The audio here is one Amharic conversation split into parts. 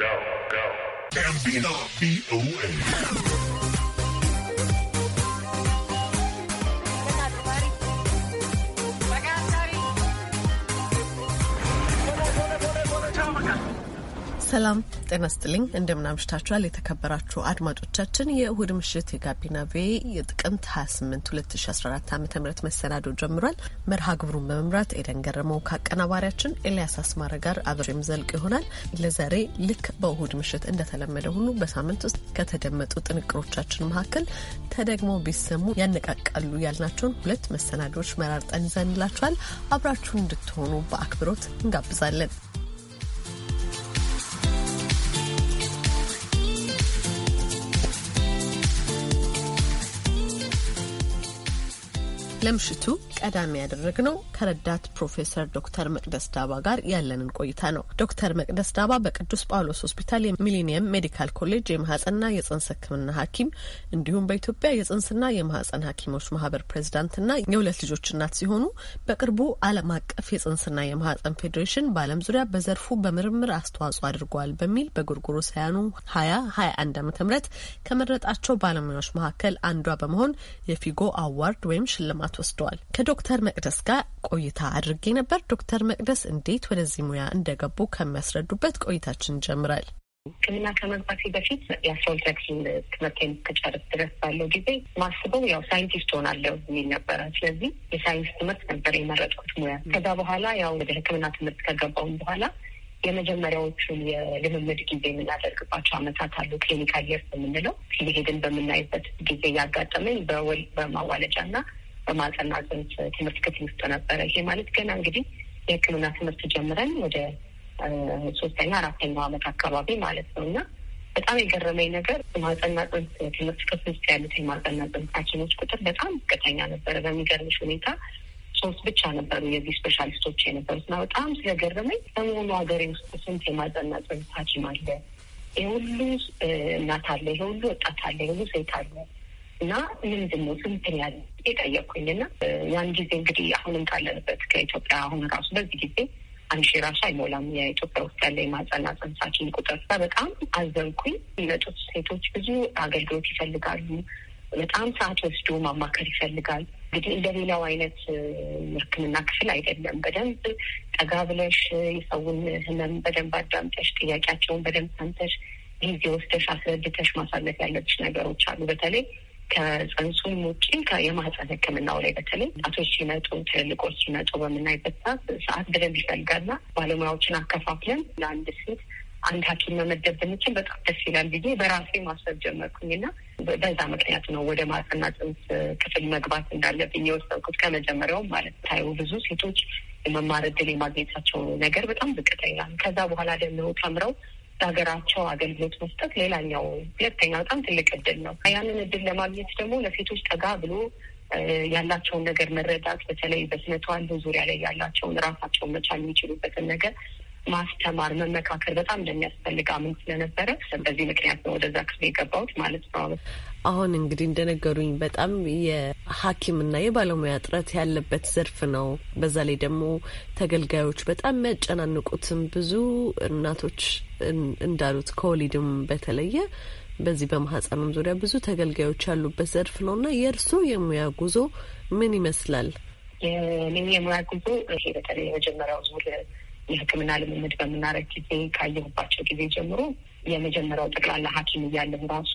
go, go. Gambino away. ሰላም ጤና ስጥልኝ። እንደምናምሽታችኋል የተከበራችሁ አድማጮቻችን የእሁድ ምሽት የጋቢና ቬ የጥቅምት 28 2014 ዓ ም መሰናዶ ጀምሯል። መርሃ ግብሩን በመምራት ኤደን ገረመው ከአቀናባሪያችን ኤልያስ አስማረ ጋር አብሬም ዘልቅ ይሆናል። ለዛሬ ልክ በእሁድ ምሽት እንደተለመደ ሁሉ በሳምንት ውስጥ ከተደመጡ ጥንቅሮቻችን መካከል ተደግሞ ቢሰሙ ያነቃቃሉ ያልናቸውን ሁለት መሰናዶዎች መራርጠን ይዘንላችኋል። አብራችሁ እንድትሆኑ በአክብሮት እንጋብዛለን። ለምሽቱ ቀዳሚ ያደረግነው ከረዳት ፕሮፌሰር ዶክተር መቅደስ ዳባ ጋር ያለንን ቆይታ ነው። ዶክተር መቅደስ ዳባ በቅዱስ ጳውሎስ ሆስፒታል የሚሊኒየም ሜዲካል ኮሌጅ የማህጸንና የጽንስ ሕክምና ሐኪም እንዲሁም በኢትዮጵያ የጽንስና የማህጸን ሐኪሞች ማህበር ፕሬዚዳንትና የሁለት ልጆች እናት ሲሆኑ በቅርቡ ዓለም አቀፍ የጽንስና የማህጸን ፌዴሬሽን በዓለም ዙሪያ በዘርፉ በምርምር አስተዋጽኦ አድርገዋል በሚል ሳያኑ ሀያ ሀያ አንድ አመተ ምህረት ከመረጣቸው ባለሙያዎች መካከል አንዷ በመሆን የፊጎ አዋርድ ወይም ሽልማት ቀናት ወስደዋል። ከዶክተር መቅደስ ጋር ቆይታ አድርጌ ነበር። ዶክተር መቅደስ እንዴት ወደዚህ ሙያ እንደገቡ ከሚያስረዱበት ቆይታችን ጀምራል። ሕክምና ከመግባቴ በፊት የአስራ ሁለተኛ ትምህርቴን ድረስ ባለው ጊዜ ማስበው ያው ሳይንቲስት ሆናለሁ የሚል ነበረ። ስለዚህ የሳይንስ ትምህርት ነበር የመረጥኩት ሙያ። ከዛ በኋላ ያው ወደ ሕክምና ትምህርት ከገባውን በኋላ የመጀመሪያዎቹን የልምምድ ጊዜ የምናደርግባቸው አመታት አሉ። ክሊኒካል የርስ የምንለው እየሄድን በምናይበት ጊዜ ያጋጠመኝ በወል በማዋለጃ እና በማህፀንና ጽንስ ትምህርት ክፍል ውስጥ ነበረ። ይሄ ማለት ገና እንግዲህ የሕክምና ትምህርት ጀምረን ወደ ሶስተኛ አራተኛው ዓመት አካባቢ ማለት ነው እና በጣም የገረመኝ ነገር ማጸና ጽንስ ትምህርት ክፍል ውስጥ ያሉት የማጸና ጽንስ ሐኪሞች ቁጥር በጣም ዝቅተኛ ነበረ። በሚገርምሽ ሁኔታ ሶስት ብቻ ነበሩ የዚህ ስፔሻሊስቶች የነበሩት እና በጣም ስለገረመኝ በመሆኑ ሀገሬ ውስጥ ስንት የማጸና ጽንስ ሐኪም አለ? የሁሉ እናት አለ፣ የሁሉ ወጣት አለ፣ የሁሉ ሴት አለ እና ምንድን ነው ስንትን ያለ የጠየቅኩኝ ያን ጊዜ እንግዲህ አሁንም ካለንበት ከኢትዮጵያ አሁን ራሱ በዚህ ጊዜ አንድ ራሱ አይሞላም የኢትዮጵያ ውስጥ ያለ የማህጸንና ጽንሳችን ቁጥር በጣም አዘንኩኝ። የሚመጡት ሴቶች ብዙ አገልግሎት ይፈልጋሉ። በጣም ሰዓት ወስዶ ማማከር ይፈልጋል። እንግዲህ እንደ ሌላው አይነት ሕክምና ክፍል አይደለም። በደንብ ጠጋ ብለሽ የሰውን ህመም በደንብ አዳምጠሽ ጥያቄያቸውን በደንብ ሰምተሽ ጊዜ ወስደሽ አስረድተሽ ማሳለፍ ያለብሽ ነገሮች አሉ። በተለይ ከጽንሱም ውጭ የማህፀን ሕክምናው ላይ በተለይ እናቶች ሲመጡ ትልልቆች ሲመጡ በምናይበት ሰዓት በደንብ ይፈልጋልና ባለሙያዎችን አከፋፍለን ለአንድ ሴት አንድ ሐኪም መመደብ ብንችል በጣም ደስ ይላል ብዬ በራሴ ማሰብ ጀመርኩኝና በዛ ምክንያት ነው ወደ ማህፀንና ጽንስ ክፍል መግባት እንዳለብኝ የወሰንኩት ከመጀመሪያውም ማለት ታየው ብዙ ሴቶች የመማር እድል የማግኘታቸው ነገር በጣም ዝቅተኛ ከዛ በኋላ ደግሞ ተምረው ለሀገራቸው አገልግሎት መስጠት ሌላኛው ሁለተኛ በጣም ትልቅ እድል ነው። ያንን እድል ለማግኘት ደግሞ ለሴቶች ጠጋ ብሎ ያላቸውን ነገር መረዳት፣ በተለይ በስነ ተዋልዶ ዙሪያ ላይ ያላቸውን ራሳቸውን መቻል የሚችሉበትን ነገር ማስተማር፣ መመካከር በጣም እንደሚያስፈልግ አምን ስለነበረ በዚህ ምክንያት ነው ወደዛ ክፍል የገባሁት ማለት ነው። አሁን እንግዲህ እንደነገሩኝ በጣም የሐኪምና የባለሙያ እጥረት ያለበት ዘርፍ ነው። በዛ ላይ ደግሞ ተገልጋዮች በጣም የሚያጨናንቁትም ብዙ እናቶች እንዳሉት ከወሊድም በተለየ በዚህ በማህፀኑም ዙሪያ ብዙ ተገልጋዮች ያሉበት ዘርፍ ነው እና የእርሶ የሙያ ጉዞ ምን ይመስላል? የኔ የሙያ ጉዞ ይሄ በተለይ የመጀመሪያው ዙር የሕክምና ልምምድ በምናረግ ጊዜ ካየሁባቸው ጊዜ ጀምሮ የመጀመሪያው ጠቅላላ ሐኪም እያለሁ ራሱ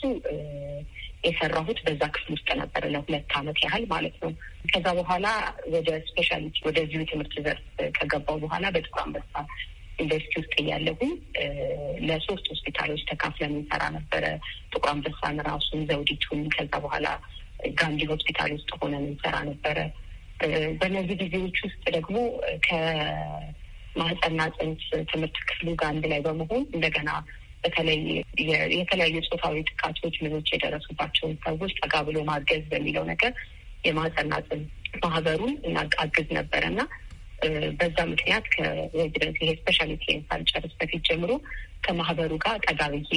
የሰራሁት በዛ ክፍል ውስጥ ነበር ለሁለት አመት ያህል ማለት ነው። ከዛ በኋላ ወደ ስፔሻሊቲ ወደዚሁ ትምህርት ዘርፍ ከገባው በኋላ በጥቁር አንበሳ ዩኒቨርሲቲ ውስጥ እያለሁኝ ለሶስት ሆስፒታሎች ተካፍለን እንሰራ ነበረ። ጥቁር አንበሳን ራሱን፣ ዘውዲቱን ከዛ በኋላ ጋንዲ ሆስፒታል ውስጥ ሆነን እንሰራ ነበረ። በእነዚህ ጊዜዎች ውስጥ ደግሞ ከማህፀንና ጽንስ ትምህርት ክፍሉ ጋር አንድ ላይ በመሆን እንደገና በተለይ የተለያዩ ጾታዊ ጥቃቶች ምኖች የደረሱባቸውን ሰዎች ጠጋ ብሎ ማገዝ በሚለው ነገር የማጸናጽን ማህበሩን እናቃግዝ ነበረ እና በዛ ምክንያት ከሬዚደንስ ይሄ ስፔሻሊቲ ሳልጨርስ በፊት ጀምሮ ከማህበሩ ጋር ጠጋ ብዬ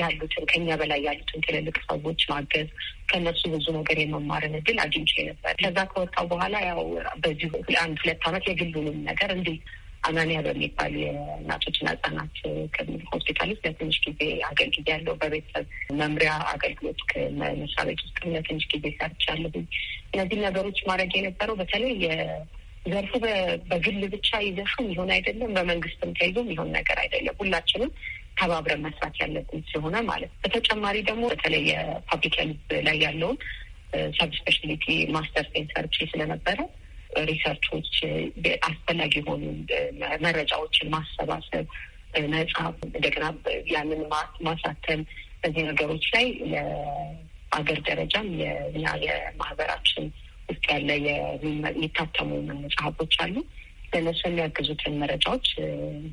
ያሉትን ከኛ በላይ ያሉትን ትልልቅ ሰዎች ማገዝ ከነሱ ብዙ ነገር የመማርን እድል አግኝቼ ነበር። ከዛ ከወጣው በኋላ ያው በዚሁ አንድ ሁለት ዓመት የግሉንም ነገር እንዴት አማንያ በሚባል የእናቶችና ህጻናት ከሚል ሆስፒታል ውስጥ ለትንሽ ጊዜ ያለው በቤተሰብ መምሪያ አገልግሎት ከመስሪያ ቤት ውስጥ ለትንሽ ጊዜ ሰርቻለሁ። እነዚህ ነገሮች ማድረግ የነበረው በተለይ የዘርፉ በግል ብቻ ይዘፉም ይሆን አይደለም፣ በመንግስትም ተይዞም ይሆን ነገር አይደለም። ሁላችንም ተባብረን መስራት ያለብን ስለሆነ ማለት ነው። በተጨማሪ ደግሞ በተለይ የፓብሊክ ሄልዝ ላይ ያለውን ሰብስፔሻሊቲ ስፔሻሊቲ ማስተር ሴንተር ስለነበረ ሪሰርቾች፣ አስፈላጊ የሆኑ መረጃዎችን ማሰባሰብ፣ መጽሐፍ፣ እንደገና ያንን ማሳተም በዚህ ነገሮች ላይ ለአገር ደረጃም የኛ የማህበራችን ውስጥ ያለ የሚታተሙ መጽሐፎች አሉ። ለነሱ የሚያግዙትን መረጃዎች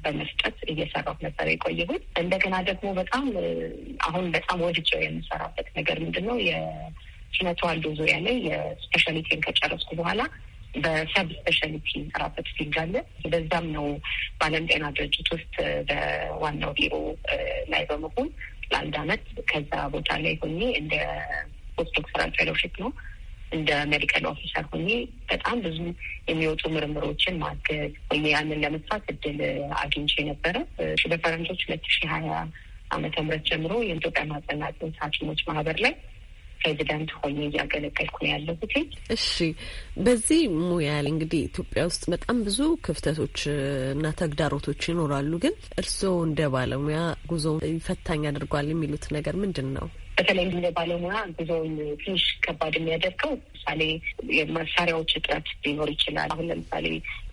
በመስጠት እየሰራሁ ነበር የቆየሁት። እንደገና ደግሞ በጣም አሁን በጣም ወድጀው የምሰራበት ነገር ምንድን ነው? የስነ ተዋልዶ ዙሪያ ላይ የስፔሻሊቲን ከጨረስኩ በኋላ በሰብ ስፔሻሊቲ ራበት ፊልድ አለ። በዛም ነው በዓለም ጤና ድርጅት ውስጥ በዋናው ቢሮ ላይ በመሆን ለአንድ አመት ከዛ ቦታ ላይ ሆኜ እንደ ፖስት ዶክተራል ነው እንደ ሜዲካል ኦፊሰር ሆኜ በጣም ብዙ የሚወጡ ምርምሮችን ማገዝ ወይ ያንን ለመስራት እድል አግኝቼ ነበረ። በፈረንጆች ሁለት ሺ ሀያ አመተ ምህረት ጀምሮ የኢትዮጵያ ማህጸንና ሐኪሞች ማህበር ላይ ፕሬዚዳንት ሆኜ እያገለገልኩ ነው ያለሁት። እሺ፣ በዚህ ሙያ እንግዲህ ኢትዮጵያ ውስጥ በጣም ብዙ ክፍተቶች እና ተግዳሮቶች ይኖራሉ። ግን እርስዎ እንደ ባለሙያ ጉዞ ፈታኝ አድርጓል የሚሉት ነገር ምንድን ነው? በተለይ እንደ ባለሙያ ጉዞውን ትንሽ ከባድ የሚያደርገው ምሳሌ የመሳሪያዎች እጥረት ሊኖር ይችላል። አሁን ለምሳሌ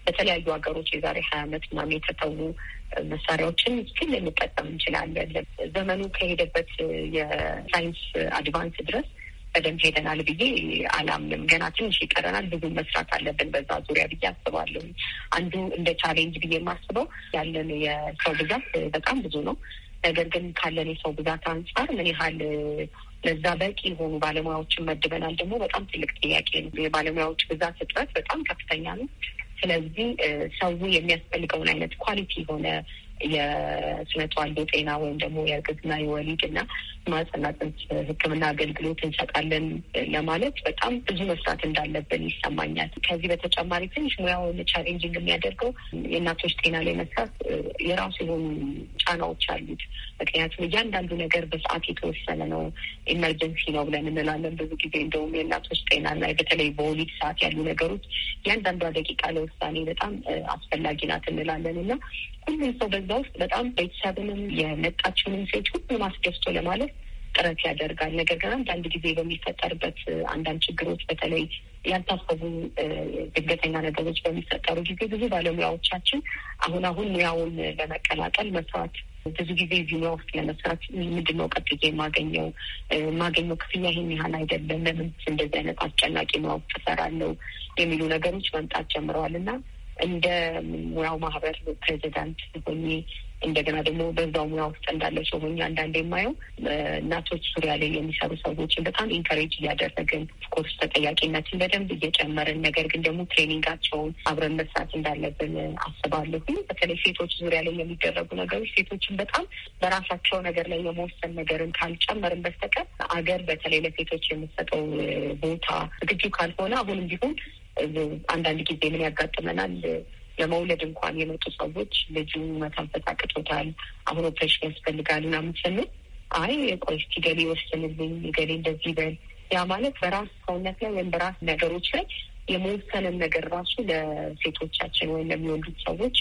በተለያዩ ሀገሮች የዛሬ ሀያ ዓመት ምናምን የተተዉ መሳሪያዎችን ስል ልንጠቀም እንችላለን። ዘመኑ ከሄደበት የሳይንስ አድቫንስ ድረስ በደንብ ሄደናል ብዬ አላምንም። ገና ትንሽ ይቀረናል፣ ብዙ መስራት አለብን በዛ ዙሪያ ብዬ አስባለሁ። አንዱ እንደ ቻሌንጅ ብዬ የማስበው ያለን የሰው ብዛት በጣም ብዙ ነው። ነገር ግን ካለን የሰው ብዛት አንጻር ምን ያህል ለዛ በቂ የሆኑ ባለሙያዎችን መድበናል ደግሞ በጣም ትልቅ ጥያቄ ነው። የባለሙያዎች ብዛት እጥረት በጣም ከፍተኛ ነው። ስለዚህ ሰው የሚያስፈልገውን አይነት ኳሊቲ የሆነ የስነ ተዋልዶ ጤና ወይም ደግሞ የእርግዝና የወሊድና ማህጸንና ጽንስ ሕክምና አገልግሎት እንሰጣለን ለማለት በጣም ብዙ መስራት እንዳለብን ይሰማኛል። ከዚህ በተጨማሪ ትንሽ ሙያውን ቻሌንጂንግ የሚያደርገው የእናቶች ጤና ላይ መስራት የራሱ የሆኑ ጫናዎች አሉት። ምክንያቱም እያንዳንዱ ነገር በሰዓት የተወሰነ ነው። ኢመርጀንሲ ነው ብለን እንላለን ብዙ ጊዜ እንደውም የእናቶች ጤና ላይ በተለይ በወሊድ ሰዓት ያሉ ነገሮች እያንዳንዷ ደቂቃ ለውሳኔ በጣም አስፈላጊ ናት እንላለን እና ሁሉም ሰው በዛ ውስጥ በጣም ቤተሰብንም የመጣችውንም ሴት ሁሉ ማስደስቶ ለማለት ጥረት ያደርጋል። ነገር ግን አንዳንድ ጊዜ በሚፈጠርበት አንዳንድ ችግሮች በተለይ ያልታሰቡ ድንገተኛ ነገሮች በሚፈጠሩ ጊዜ ብዙ ባለሙያዎቻችን አሁን አሁን ሙያውን ለመቀላቀል መስዋዕት ብዙ ጊዜ እዚህ ሙያ ውስጥ ለመስራት ምንድን ነው ቀጥዬ የማገኘው የማገኘው ክፍያ ይህን ያህል አይደለም፣ ለምን እንደዚህ አይነት አስጨናቂ ሙያ ውስጥ እሰራለሁ የሚሉ ነገሮች መምጣት ጀምረዋል እና እንደ ሙያው ማህበር ፕሬዚዳንት ሆኜ እንደገና ደግሞ በዛው ሙያ ውስጥ እንዳለ ሰው ሆኜ አንዳንድ የማየው እናቶች ዙሪያ ላይ የሚሰሩ ሰዎችን በጣም ኢንካሬጅ እያደረግን ኦፍኮርስ ተጠያቂነትን በደንብ እየጨመርን ነገር ግን ደግሞ ትሬኒንጋቸውን አብረን መስራት እንዳለብን አስባለሁ። በተለይ ሴቶች ዙሪያ ላይ የሚደረጉ ነገሮች ሴቶችን በጣም በራሳቸው ነገር ላይ የመወሰን ነገርን ካልጨመርን በስተቀር አገር በተለይ ለሴቶች የምሰጠው ቦታ ዝግጁ ካልሆነ አሁንም ቢሆን አንዳንድ ጊዜ ምን ያጋጥመናል? ለመውለድ እንኳን የመጡ ሰዎች ልጁ መተንፈስ አቅቶታል፣ አሁን ኦፕሬሽን ያስፈልጋል ምናምን ስንል አይ ቆይ እስኪ ገሌ ይወስንልኝ፣ ገሌ እንደዚህ በል። ያ ማለት በራስ ሰውነት ላይ ወይም በራስ ነገሮች ላይ የመወሰንን ነገር ራሱ ለሴቶቻችን ወይም ለሚወልዱት ሰዎች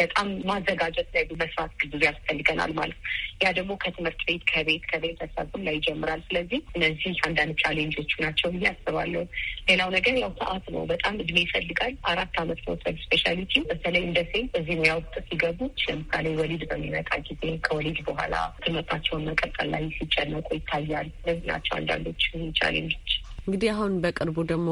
በጣም ማዘጋጀት ላይ መስራት ጊዜ ያስፈልገናል ማለት ያ ደግሞ ከትምህርት ቤት ከቤት ከቤተሰብም ላይ ይጀምራል። ስለዚህ እነዚህ አንዳንድ ቻሌንጆቹ ናቸው ብዬ አስባለሁ። ሌላው ነገር ያው ሰዓት ነው። በጣም እድሜ ይፈልጋል። አራት አመት መውሰድ ስፔሻሊቲ በተለይ እንደ ሴት እዚህ ሙያ ውስጥ ሲገቡ ለምሳሌ ወሊድ በሚመጣ ጊዜ ከወሊድ በኋላ ትምህርታቸውን መቀጠል ላይ ሲጨነቁ ይታያል። እነዚህ ናቸው አንዳንዶች ቻሌንጆች። እንግዲህ አሁን በቅርቡ ደግሞ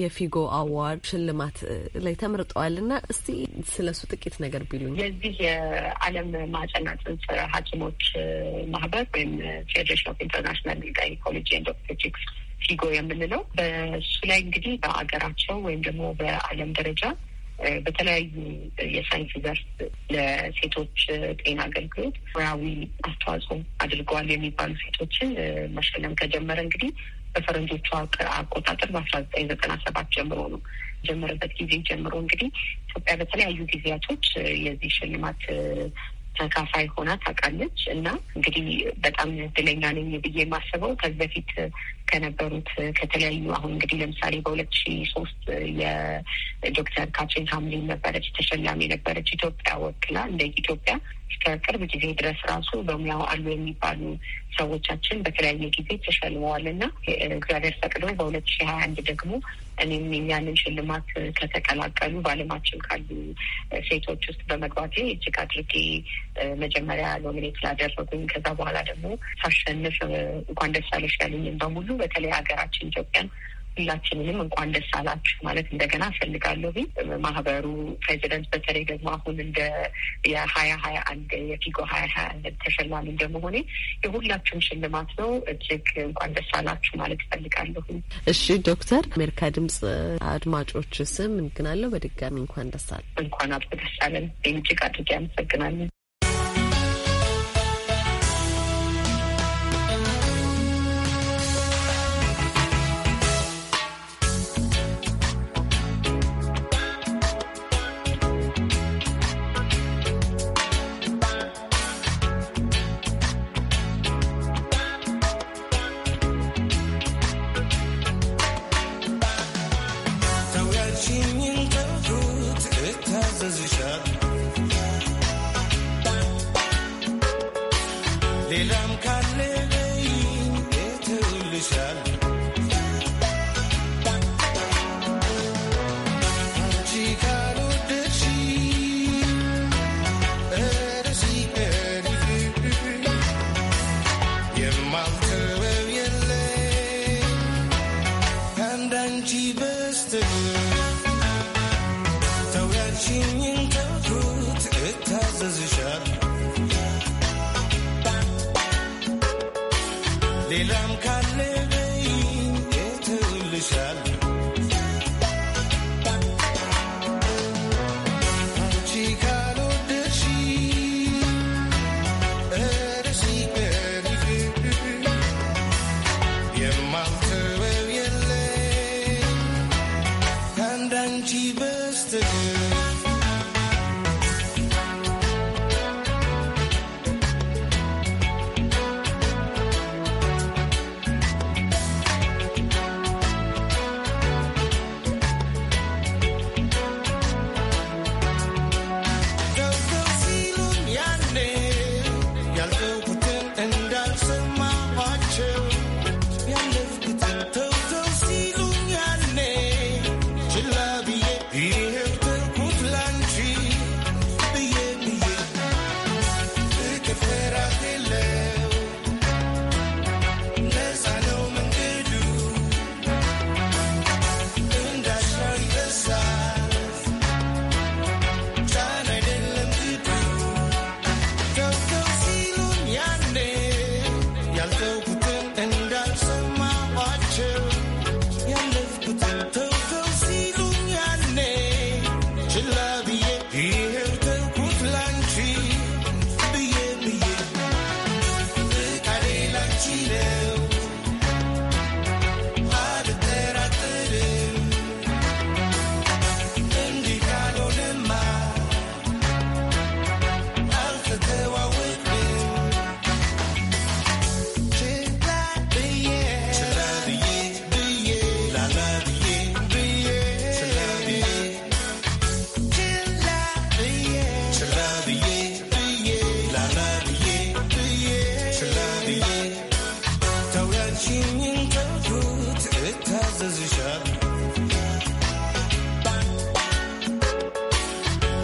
የፊጎ አዋርድ ሽልማት ላይ ተመርጠዋል እና እስቲ ስለሱ ጥቂት ነገር ቢሉኝ። የዚህ የዓለም ማህጸንና ጽንስ ሐኪሞች ማህበር ወይም ፌዴሬሽን ኦፍ ኢንተርናሽናል ጋይናኮሎጂ ኤንድ ኦብስቴትሪክስ ፊጎ የምንለው በሱ ላይ እንግዲህ በአገራቸው ወይም ደግሞ በዓለም ደረጃ በተለያዩ የሳይንስ ዘርፍ ለሴቶች ጤና አገልግሎት ሙያዊ አስተዋጽኦ አድርገዋል የሚባሉ ሴቶችን መሸለም ከጀመረ እንግዲህ በፈረንጆቹ አቆጣጠር በአስራ ዘጠኝ ዘጠና ሰባት ጀምሮ ነው ጀመረበት ጊዜ ጀምሮ እንግዲህ ኢትዮጵያ በተለያዩ ጊዜያቶች የዚህ ሽልማት ተካፋይ ሆና ታውቃለች እና እንግዲህ በጣም እድለኛ ነኝ ብዬ የማስበው ከዚህ በፊት ከነበሩት ከተለያዩ አሁን እንግዲህ ለምሳሌ በሁለት ሺ ሶስት የዶክተር ካትሪን ሀምሊን ነበረች ተሸላሚ የነበረች ኢትዮጵያ ወክላ እንደ ኢትዮጵያ እስከ ቅርብ ጊዜ ድረስ ራሱ በሙያው አሉ የሚባሉ ሰዎቻችን በተለያየ ጊዜ ተሸልመዋል እና እግዚአብሔር ፈቅዶ በሁለት ሺ ሀያ አንድ ደግሞ እኔም ያንን ሽልማት ከተቀላቀሉ በዓለማችን ካሉ ሴቶች ውስጥ በመግባቴ እጅግ አድርጌ መጀመሪያ ሎሚኔት ላደረጉኝ ከዛ በኋላ ደግሞ ሳሸንፍ እንኳን ደስ አለሽ ያሉኝም በሙሉ በተለይ ሀገራችን ኢትዮጵያን ሁላችንንም እንኳን ደስ አላችሁ ማለት እንደገና እፈልጋለሁ። ማህበሩ ፕሬዚደንት በተለይ ደግሞ አሁን እንደ የሀያ ሀያ አንድ የፊጎ ሀያ ሀያ አንድ ተሸላሚ እንደመሆኔ የሁላችሁም ሽልማት ነው። እጅግ እንኳን ደስ አላችሁ ማለት እፈልጋለሁ። እሺ ዶክተር አሜሪካ ድምጽ አድማጮች ስም እንግናለሁ በድጋሚ እንኳን ደስ አለ እንኳን አብ ደስ አለን። እጅግ አድርጌ አመሰግናለን።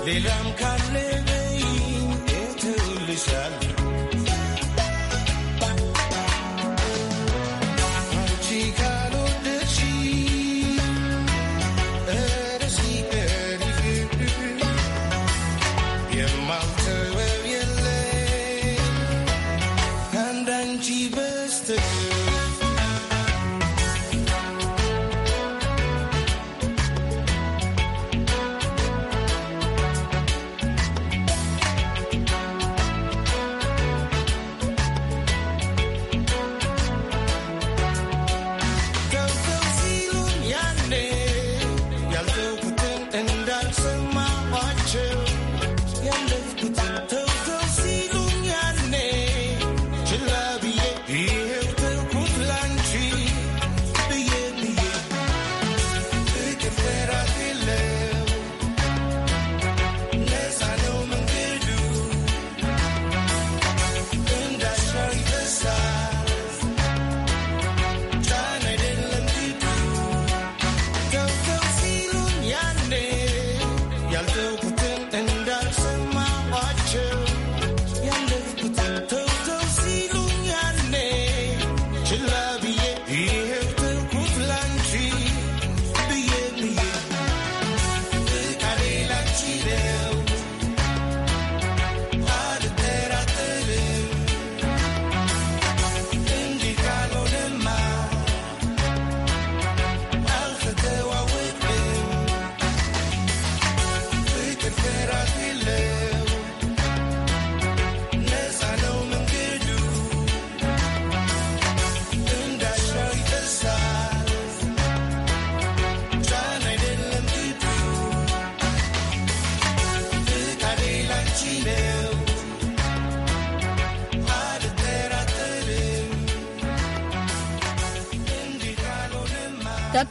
They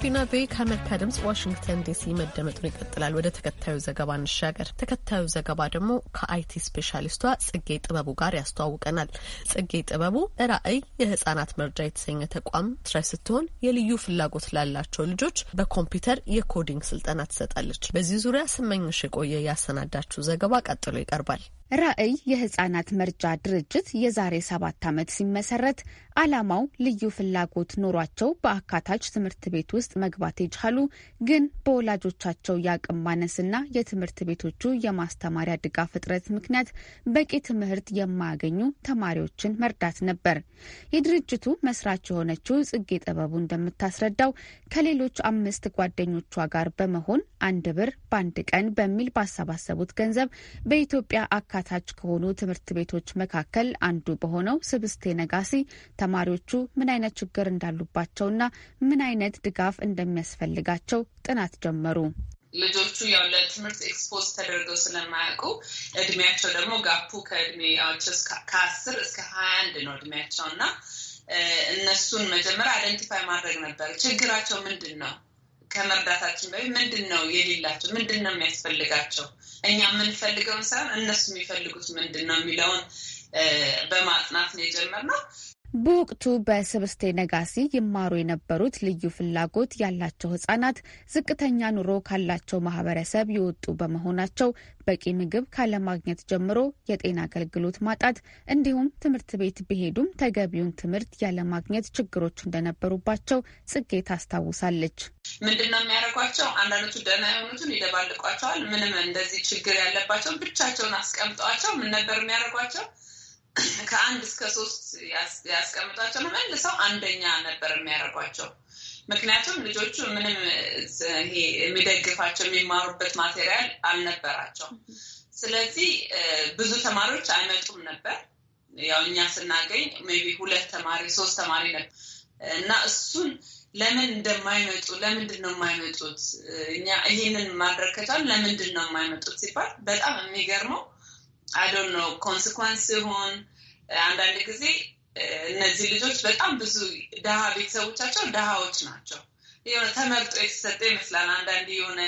ጋቢና ቤ ከአሜሪካ ድምጽ ዋሽንግተን ዲሲ መደመጡን ይቀጥላል። ወደ ተከታዩ ዘገባ እንሻገር። ተከታዩ ዘገባ ደግሞ ከአይቲ ስፔሻሊስቷ ጽጌ ጥበቡ ጋር ያስተዋውቀናል። ጽጌ ጥበቡ ራዕይ የህጻናት መርጃ የተሰኘ ተቋም ትረስ ስትሆን የልዩ ፍላጎት ላላቸው ልጆች በኮምፒውተር የኮዲንግ ስልጠና ትሰጣለች። በዚህ ዙሪያ ስመኝሽ የቆየ ያሰናዳችው ዘገባ ቀጥሎ ይቀርባል። ራዕይ የህጻናት መርጃ ድርጅት የዛሬ ሰባት ዓመት ሲመሰረት ዓላማው ልዩ ፍላጎት ኖሯቸው በአካታች ትምህርት ቤት ውስጥ መግባት የቻሉ ግን በወላጆቻቸው የአቅም ማነስና የትምህርት ቤቶቹ የማስተማሪያ ድጋፍ እጥረት ምክንያት በቂ ትምህርት የማያገኙ ተማሪዎችን መርዳት ነበር። የድርጅቱ መስራች የሆነችው ጽጌ ጥበቡ እንደምታስረዳው ከሌሎች አምስት ጓደኞቿ ጋር በመሆን አንድ ብር በአንድ ቀን በሚል ባሰባሰቡት ገንዘብ በኢትዮጵያ አካታች ከሆኑ ትምህርት ቤቶች መካከል አንዱ በሆነው ስብስቴ ነጋሲ ተማሪዎቹ ምን አይነት ችግር እንዳሉባቸውና ምን አይነት ድጋፍ እንደሚያስፈልጋቸው ጥናት ጀመሩ። ልጆቹ ያው ለትምህርት ኤክስፖዝ ተደርገው ስለማያውቁ እድሜያቸው ደግሞ ጋፑ ከእድሜያቸው ከአስር እስከ ሀያ አንድ ነው እድሜያቸው እና እነሱን መጀመሪያ አይደንቲፋይ ማድረግ ነበር። ችግራቸው ምንድን ነው? ከመርዳታችን በፊት ምንድን ነው የሌላቸው፣ ምንድን ነው የሚያስፈልጋቸው፣ እኛ የምንፈልገውን ሳይሆን እነሱ የሚፈልጉት ምንድን ነው የሚለውን በማጥናት ነው የጀመርነው። በወቅቱ በስብስቴ ነጋሲ ይማሩ የነበሩት ልዩ ፍላጎት ያላቸው ህጻናት ዝቅተኛ ኑሮ ካላቸው ማህበረሰብ የወጡ በመሆናቸው በቂ ምግብ ካለማግኘት ጀምሮ የጤና አገልግሎት ማጣት እንዲሁም ትምህርት ቤት ቢሄዱም ተገቢውን ትምህርት ያለማግኘት ችግሮች እንደነበሩባቸው ጽጌ ታስታውሳለች። ምንድነው የሚያደርጓቸው? አንዳንዶቹ ደህና የሆኑትን ይደባልቋቸዋል። ምንም እንደዚህ ችግር ያለባቸውን ብቻቸውን አስቀምጠዋቸው ምን ነበር የሚያደርጓቸው? ከአንድ እስከ ሶስት ያስቀምጧቸው መልሰው አንደኛ ነበር የሚያደርጓቸው። ምክንያቱም ልጆቹ ምንም የሚደግፋቸው የሚማሩበት ማቴሪያል አልነበራቸው። ስለዚህ ብዙ ተማሪዎች አይመጡም ነበር። ያው እኛ ስናገኝ ሜይ ቢ ሁለት ተማሪ ሶስት ተማሪ ነበር እና እሱን ለምን እንደማይመጡ ለምንድን ነው የማይመጡት? እኛ ይህንን ማድረግ ከቻሉ ለምንድን ነው የማይመጡት ሲባል በጣም የሚገርመው አይዶን ነው ኮንስኳንስ ሲሆን eh, አንዳንድ ጊዜ eh, እነዚህ ልጆች በጣም ብዙ ድሃ ቤተሰቦቻቸው ድሃዎች ናቸው። የሆነ ተመርጦ የተሰጠ ይመስላል አንዳንድ የሆነ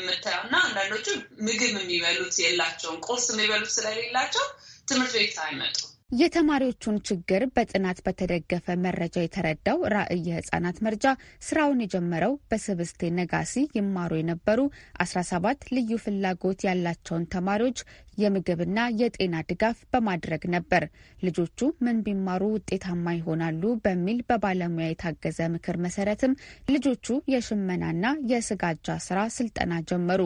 የምታየው እና አንዳንዶቹ ምግብ የሚበሉት የላቸውም። ቁርስ የሚበሉት ስለሌላቸው ትምህርት ቤት አይመጡ። የተማሪዎቹን ችግር በጥናት በተደገፈ መረጃ የተረዳው ራዕይ የህጻናት መርጃ ስራውን የጀመረው በስብስቴ ነጋሲ ይማሩ የነበሩ 17 ልዩ ፍላጎት ያላቸውን ተማሪዎች የምግብና የጤና ድጋፍ በማድረግ ነበር። ልጆቹ ምን ቢማሩ ውጤታማ ይሆናሉ በሚል በባለሙያ የታገዘ ምክር መሰረትም ልጆቹ የሽመናና የስጋጃ ስራ ስልጠና ጀመሩ።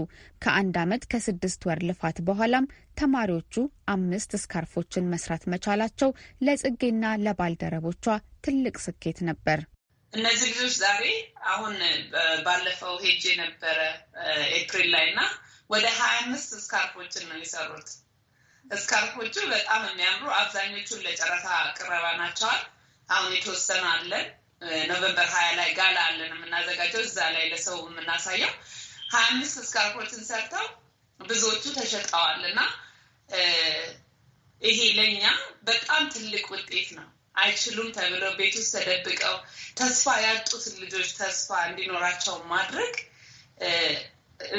ከአንድ ዓመት ከስድስት ወር ልፋት በኋላም ተማሪዎቹ አምስት ስካርፎችን መስራት መቻላቸው ለጽጌና ለባልደረቦቿ ትልቅ ስኬት ነበር። እነዚህ ልጆች ዛሬ አሁን ባለፈው ሄጄ ነበረ ኤፕሪል ላይ ና ወደ ሀያ አምስት እስካርፎችን ነው የሰሩት። እስካርፎቹ በጣም የሚያምሩ አብዛኞቹን ለጨረታ ቅረባ ናቸዋል። አሁን የተወሰነ አለን። ኖቨምበር ሀያ ላይ ጋላ አለን የምናዘጋጀው እዛ ላይ ለሰው የምናሳየው ሀያ አምስት እስካርፎችን ሰርተው ብዙዎቹ ተሸጠዋል እና ይሄ ለእኛ በጣም ትልቅ ውጤት ነው። አይችሉም ተብለው ቤት ውስጥ ተደብቀው ተስፋ ያጡትን ልጆች ተስፋ እንዲኖራቸው ማድረግ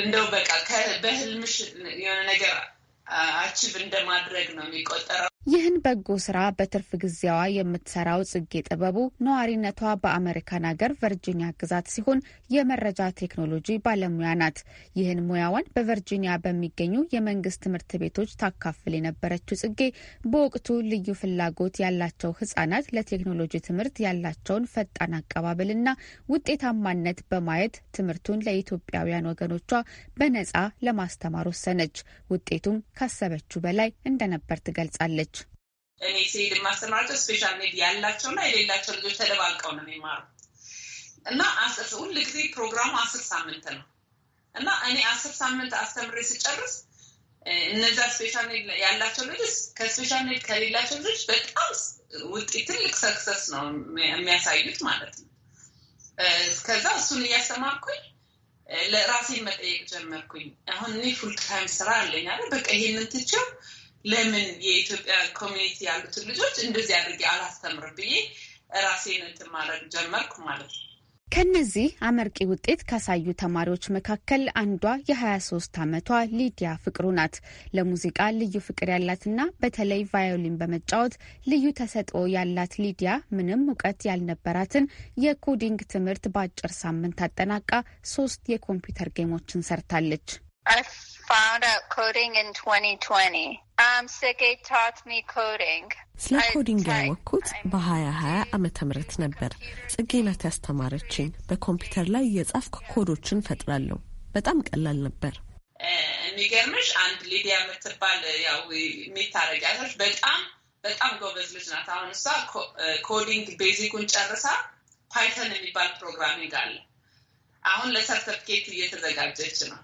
እንደው በቃ በህልምሽ የሆነ ነገር አቺቭ እንደማድረግ ነው የሚቆጠረው ይህን በጎ ስራ በትርፍ ጊዜዋ የምትሰራው ጽጌ ጥበቡ ነዋሪነቷ በአሜሪካን ሀገር ቨርጂኒያ ግዛት ሲሆን የመረጃ ቴክኖሎጂ ባለሙያ ናት። ይህን ሙያዋን በቨርጂኒያ በሚገኙ የመንግስት ትምህርት ቤቶች ታካፍል የነበረችው ጽጌ በወቅቱ ልዩ ፍላጎት ያላቸው ህጻናት ለቴክኖሎጂ ትምህርት ያላቸውን ፈጣን አቀባበልና ውጤታማነት በማየት ትምህርቱን ለኢትዮጵያውያን ወገኖቿ በነጻ ለማስተማር ወሰነች። ውጤቱም ካሰበችው በላይ እንደነበር ትገልጻለች። እኔ ስሄድ የማስተምራቸው ስፔሻል ኔድ ያላቸው እና የሌላቸው ልጆች ተደባልቀው ነው የሚማሩ እና ሁል ጊዜ ፕሮግራሙ አስር ሳምንት ነው እና እኔ አስር ሳምንት አስተምሬ ስጨርስ እነዛ ስፔሻል ኔድ ያላቸው ልጆች ከስፔሻል ኔድ ከሌላቸው ልጆች በጣም ውጤት ትልቅ ሰክሰስ ነው የሚያሳዩት ማለት ነው። ከዛ እሱን እያስተማርኩኝ ለራሴን መጠየቅ ጀመርኩኝ። አሁን እኔ ፉልታይም ስራ አለኝ አለ በቃ ይሄንን ትቼው ለምን የኢትዮጵያ ኮሚኒቲ ያሉትን ልጆች እንደዚህ አድርጌ አላስተምር ብዬ ራሴን እንትን ማድረግ ጀመርኩ ማለት ነው። ከነዚህ አመርቂ ውጤት ካሳዩ ተማሪዎች መካከል አንዷ የ23 ዓመቷ ሊዲያ ፍቅሩ ናት። ለሙዚቃ ልዩ ፍቅር ያላትና በተለይ ቫዮሊን በመጫወት ልዩ ተሰጥኦ ያላት ሊዲያ ምንም እውቀት ያልነበራትን የኮዲንግ ትምህርት በአጭር ሳምንት አጠናቃ ሶስት የኮምፒውተር ጌሞችን ሰርታለች። I found out coding in 2020. Um, Sergey taught me coding. ስለ ኮዲንግ ያወቅኩት በ2020 ዓመተ ምህረት ነበር። ጽጌ ናት ያስተማረችኝ። በኮምፒውተር ላይ የጻፍኩ ኮዶችን ፈጥራለሁ። በጣም ቀላል ነበር። የሚገርምሽ አንድ ሊዲያ የምትባል ያው የሚታረጊያቶች በጣም በጣም ጎበዝ ልጅ ናት። አሁን እሷ ኮዲንግ ቤዚኩን ጨርሳ ፓይተን የሚባል ፕሮግራሚንግ አለ። አሁን ለሰርተፍኬት እየተዘጋጀች ነው።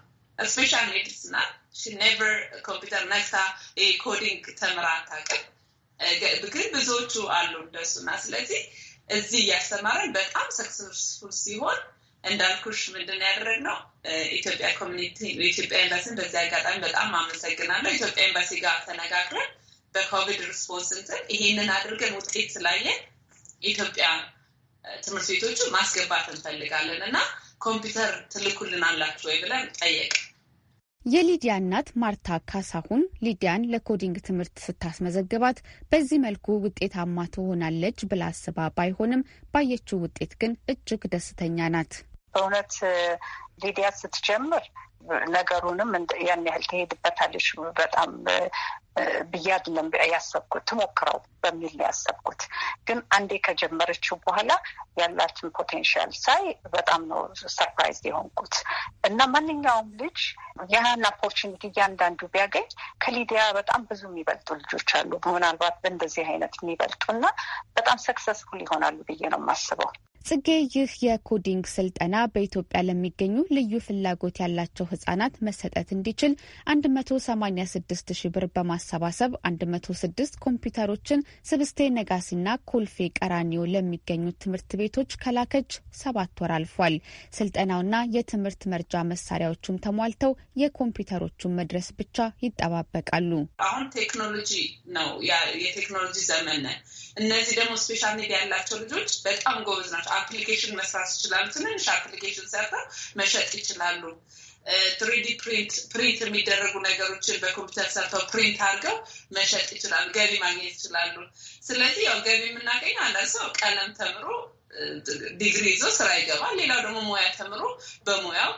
ስፔሻል ኒድስ ና ሽኔቨር ኮምፒውተር ነክታ ኮዲንግ eh, ተምራ አታውቅም። eh, ግን ብዙዎቹ አሉ እንደሱ እና ስለዚህ እዚህ እያስተማረን በጣም ሰክሰስፉል ሲሆን እንዳልኩሽ ምንድን ነው eh, ኢትዮጵያ ኮሚኒቲ ኢትዮጵያ ኤምባሲን በዚህ አጋጣሚ በጣም አመሰግናለሁ። ኢትዮጵያ ኤምባሲ ጋር ተነጋግረን በኮቪድ ሪስፖንስ እንትን ይሄንን አድርገን ውጤት ስላየን ኢትዮጵያ ትምህርት ቤቶቹ ማስገባት እንፈልጋለን እና ኮምፒውተር ትልኩልን አላችሁ ወይ ብለን ጠየቅ የሊዲያ እናት ማርታ ካሳሁን ሊዲያን ለኮዲንግ ትምህርት ስታስመዘግባት በዚህ መልኩ ውጤታማ ትሆናለች ብላ አስባ ባይሆንም ባየችው ውጤት ግን እጅግ ደስተኛ ናት። በእውነት ሊዲያ ስትጀምር ነገሩንም ያን ያህል ትሄድበታለች። በጣም ብዬ አይደለም ያሰብኩት ትሞክረው በሚል ነው ያሰብኩት። ግን አንዴ ከጀመረችው በኋላ ያላትን ፖቴንሻል ሳይ በጣም ነው ሰርፕራይዝ የሆንኩት እና ማንኛውም ልጅ ያህን ኦፖርቹኒቲ እያንዳንዱ ቢያገኝ ከሊዲያ በጣም ብዙ የሚበልጡ ልጆች አሉ። ምናልባት በእንደዚህ አይነት የሚበልጡ እና በጣም ሰክሰስፉል ይሆናሉ ብዬ ነው የማስበው። ጽጌ ይህ የኮዲንግ ስልጠና በኢትዮጵያ ለሚገኙ ልዩ ፍላጎት ያላቸው ህጻናት መሰጠት እንዲችል 186 ሺ ብር በማሰባሰብ 106 ኮምፒውተሮችን ስብስቴ ነጋሲና ኮልፌ ቀራኒዮ ለሚገኙ ትምህርት ቤቶች ከላከች ሰባት ወር አልፏል። ስልጠናውና የትምህርት መርጃ መሳሪያዎቹም ተሟልተው የኮምፒውተሮቹን መድረስ ብቻ ይጠባበቃሉ። አሁን ቴክኖሎጂ ነው፣ የቴክኖሎጂ ዘመን ነን። እነዚህ ደግሞ ስፔሻል ኒድ ያላቸው ልጆች በጣም ጎበዝ ናቸው። አፕሊኬሽን መስራት ይችላሉ። ትንንሽ አፕሊኬሽን ሰርተው መሸጥ ይችላሉ። ትሪዲ ፕሪንት ፕሪንት የሚደረጉ ነገሮችን በኮምፒውተር ሰርተው ፕሪንት አድርገው መሸጥ ይችላሉ። ገቢ ማግኘት ይችላሉ። ስለዚህ ያው ገቢ የምናገኘው አንዳንድ ሰው ቀለም ተምሮ ዲግሪ ይዞ ስራ ይገባል። ሌላው ደግሞ ሙያ ተምሮ በሙያው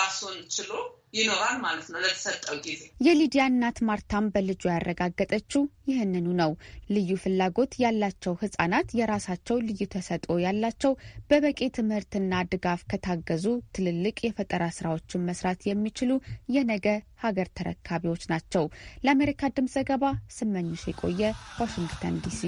ራሱን ችሎ ይኖራል ማለት ነው ለተሰጠው ጊዜ። የሊዲያ እናት ማርታም በልጇ ያረጋገጠችው ይህንኑ ነው። ልዩ ፍላጎት ያላቸው ህጻናት የራሳቸው ልዩ ተሰጥኦ ያላቸው በበቂ ትምህርትና ድጋፍ ከታገዙ ትልልቅ የፈጠራ ስራዎችን መስራት የሚችሉ የነገ ሀገር ተረካቢዎች ናቸው። ለአሜሪካ ድምፅ ዘገባ ስመኝሽ የቆየ ዋሽንግተን ዲሲ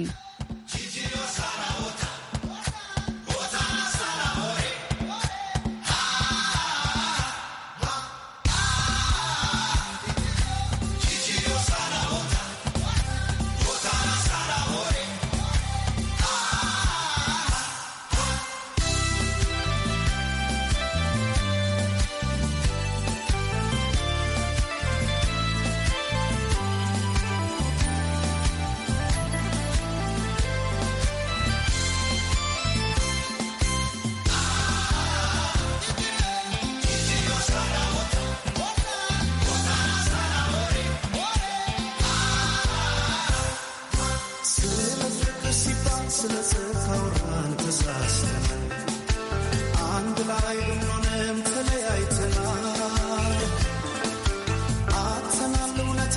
ገጽታውራን ተሳስተን አንድ ላይ ብንሆንም ተለያይተናል። አጥተናል እውነት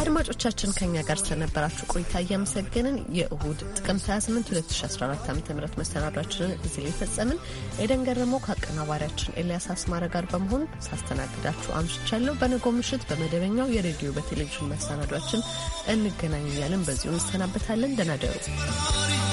አድማጮቻችን ከኛ ጋር ስለነበራችሁ ቆይታ እያመሰገንን የእሁድ ጥቅምት 28 2014 ዓ ም መሰናዷችንን እዚህ ላይ ፈጸምን። ኤደን ገረመው ከአቀናባሪያችን ኤልያስ አስማረ ጋር በመሆን ሳስተናግዳችሁ አምሽቻለሁ። በነገው ምሽት በመደበኛው የሬዲዮ በቴሌቪዥን መሰናዷችን እንገናኝ እያለን በዚሁ እንሰናበታለን። ደናደሩ ደሩ።